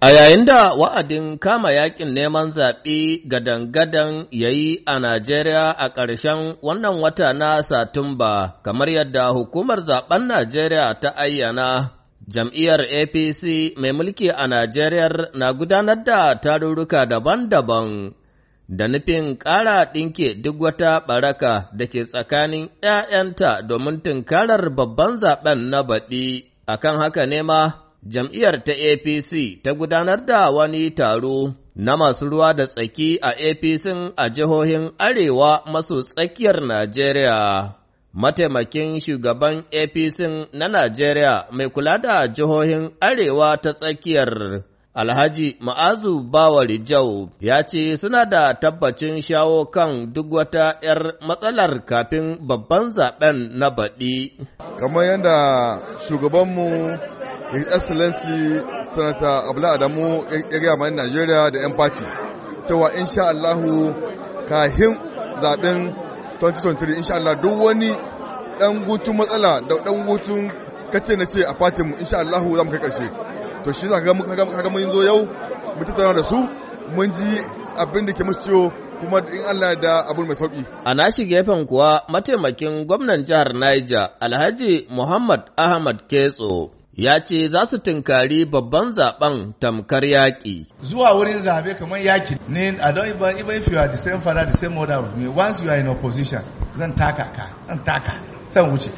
A yayin da wa'adin kama yakin neman zaɓe gadan-gadan ya yi a Najeriya a ƙarshen wannan wata na Satumba, kamar yadda hukumar zaɓen Najeriya ta ayyana, jam'iyyar APC mai mulki a Najeriya na gudanar da tarurruka daban-daban da nufin ƙara ɗinke duk wata ɓaraka da ke tsakanin ‘ya'yanta domin tunkarar babban zaɓen na baɗi. Akan haka ne ma, jam'iyyar ta APC ta gudanar da wani taro na masu ruwa da tsaki a APC a jihohin Arewa maso tsakiyar Najeriya. Mataimakin shugaban APC na Najeriya mai kula da jihohin Arewa ta tsakiyar Alhaji Ma'azu Bawari Jau ya ce suna da tabbacin shawo kan duk wata ‘yar matsalar kafin babban zaben na baɗi. Kamar yadda shugabanmu His Excellency Senator Abdullahi Adamu area mai Najeriya da 'yan party cewa insha Allahu kahin zaben 2023 insha allahu duk wani dan gutun matsala da dan gutun kace na ce a party mu insha Allahu za mu kai karshe to shi za ka ga mun zo yau mu tattauna da su mun ji abin da ke musu ciwo kuma in Allah da abu mai sauki. A nashi gefen kuwa mataimakin gwamnan jihar Niger Alhaji Muhammad Ahmad Ketso ya ce za su tunkari babban zaben tamkar yaƙi. Zuwa wurin zabe kamar yaƙi ne a don iban iban if you are the same father the same mother with me once you are in opposition zan taka ka zan taka zan wuce.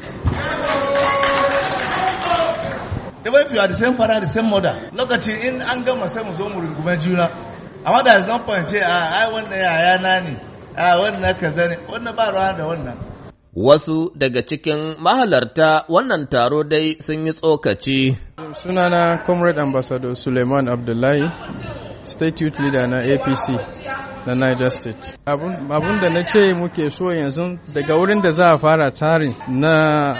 Iban if you are the same father the same mother lokaci in an gama sai mu zo mu rungume juna amma da is not point ce a ah, ai wannan yaya na ne a ah, wannan kaza ne wannan ba rawa da wannan Wasu daga cikin mahalarta wannan taro dai sun yi tsokaci. Sunana Comrade Ambassador Suleiman Abdullahi, State Youth Leader na APC na Niger State. Abun da na ce muke so yanzu daga wurin da za a fara tsarin na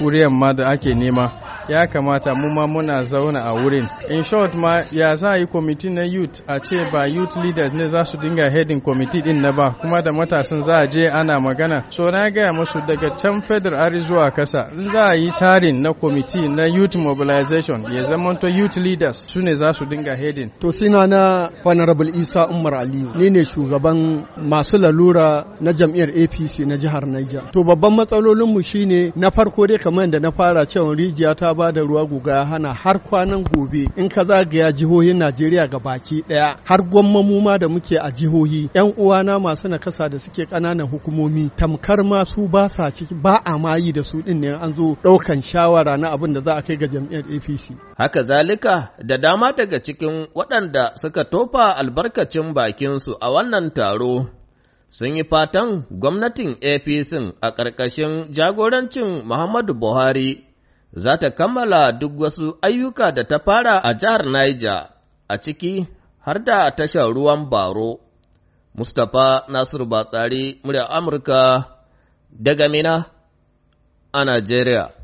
kuriyar ma da ake nema. ya kamata mu ma muna zauna a wurin in short ma ya za a yi kwamiti na youth a ce ba youth leaders ne za su dinga heading kwamiti din na ba kuma da matasan za a je ana magana so na gaya musu daga can federal ari zuwa kasa in za a yi tarin na kwamiti na youth mobilization ya zama to youth leaders su ne za su dinga heading to sina na honorable isa umar aliyu ni ne shugaban masu lalura na jam'iyyar apc na jihar niger to babban matsalolinmu shine na farko dai kamar da na fara cewa rijiya ta ba da ruwa guga ya hana har kwanan gobe in ka zagaya jihohin Najeriya ga baki daya har gwammamu ma da muke a jihohi yan uwana masu nakasa da suke kananan hukumomi tamkar ma su ba sa ciki ba a mayi da su din ne an zo ɗaukan shawara na abin da za a kai ga jam'iyyar APC. Haka zalika da dama daga cikin waɗanda suka tofa albarkacin bakinsu a wannan taro sun yi fatan gwamnatin APC a ƙarƙashin jagorancin Muhammadu Buhari za ta kammala duk wasu ayyuka da ta fara a jihar Niger, a ciki har da tashar ruwan baro. Mustapha Nasiru Batsari, murya Amurka, daga Mina a Najeriya.